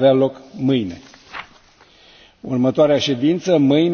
avea loc mâine. următoarea ședință mâine